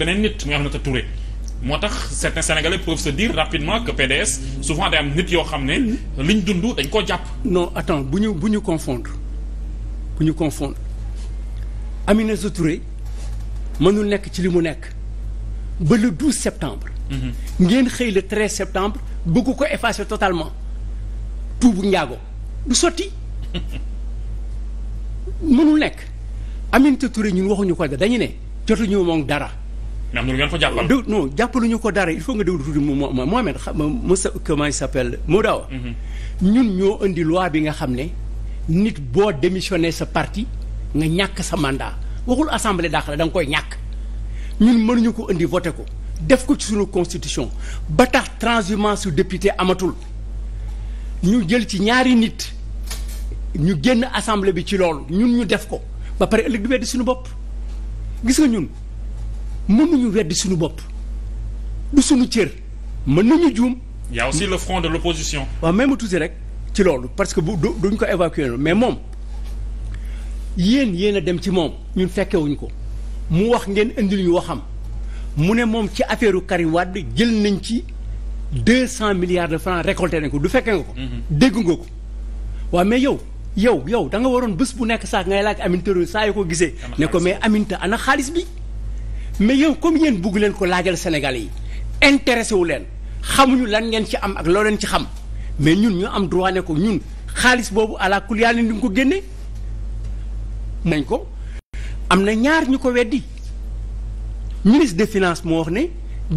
beneen nit muy Aminata Touré moo tax certains sénégalais peuvent se dire rapidement que PDS souvent day am nit yoo xam ne liñ dund dañ koo jàpp. non attends bu ñu bu ñu confondre bu ñu confondre Aminata Touré mënul nekk ci li mu nekk ba le 12 septembre. Mhm. ngeen xëy la 13 septembre bëgg ko effacer totalement tuubu njaago du sotti mënul nekk Aminata toure ñun waxuñu ko dañu ne jotuñu moom dara. mais am na lu ngeen ko jàppal. du non jàppaluñu ko dara il faut nga déglu tuuti moom Mohamed xam nga Moussa comment il s'appelle Modawa. Mhm. ñun ñoo indi loi bi nga xam ne nit boo démissionné sa partie nga ñàkk sa mandat waxul assemblée daa la da nga koy ñàkk ñun mënuñu ko indi voté ko def ko ci suñu constitution ba tax transhumance su député amatul ñu jël ci ñaari nit ñu génn assemblée bi ci loolu ñun ñu def ko ba pare ëllëg di weddi suñu bopp gis nga ñun. mënuñu weddi suñu bopp du suñu cër mën nañu juum. y a aussi le front de l'opposition waaw même tuuti rek ci loolu parce que bu duñ ko évacuer noonu mais moom yéen yéen a dem ci moom ñun fekkewuñ ko mu wax ngeen indil ñu waxam mu ne moom ci affaire Karim Wade jël nañ ci deux cent milliards de francs récolter nañ ko du fekkee nga ko. Mhm. dégg nga ko waaw mais yow. yow yaw da nga waroon bés bu nekk sax ngay laaj Aminata saa yu ko gisee. ne ko mais Aminata ana xaalis bi. mais yow comme yéen bugg leen ko laajal Sénégalais yi intéressé wu leen xamuñu lan ngeen ci am ak loo leen ci xam mais ñun ñu am droit ne ko ñun xaalis boobu àla kuliyaalin di nga ko génne mañ ko am na ñaar ñu ko weddi ministre de finances moo wax ne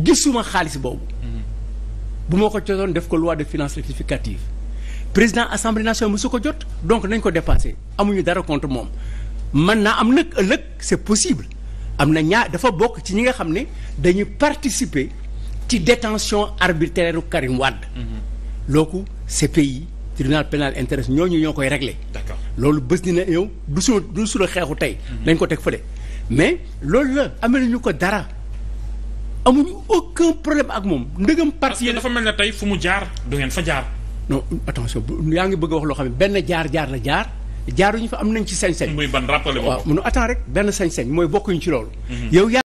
gisuma xaalis boobu bu moo ko jotoon def ko loi de finances rectificative président assemblée nationale su ko jot donc nañ ko dépassé amuñu dara contre moom mën naa am nag ëllëg c'est possible am na ñaar dafa bokk ci ñi nga xam ne dañu participer ci détention arbitraire Karim Wade. Mm-hmm. looku CPI tribunal pénal intérêt ñooñu ñoo koy régler. d'accord loolu bés na yow du suñu du suñu xeexu tey. dañ mm-hmm. ko teg fële mais loolu la amee nañu ko dara. amuñu aucun problème ak moom ndëgam parti yi dafa mel ne tey fu mu jaar du ngeen fa jaar. non attention yaa ngi bëgg a wax loo xam ne benn jaar jaar la jaar. jaaruñu fa am nañ ci sañ-sañ. muy ban rappelé waaw benn sañ-sañ mooy bokkuñ ci loolu. Mhm.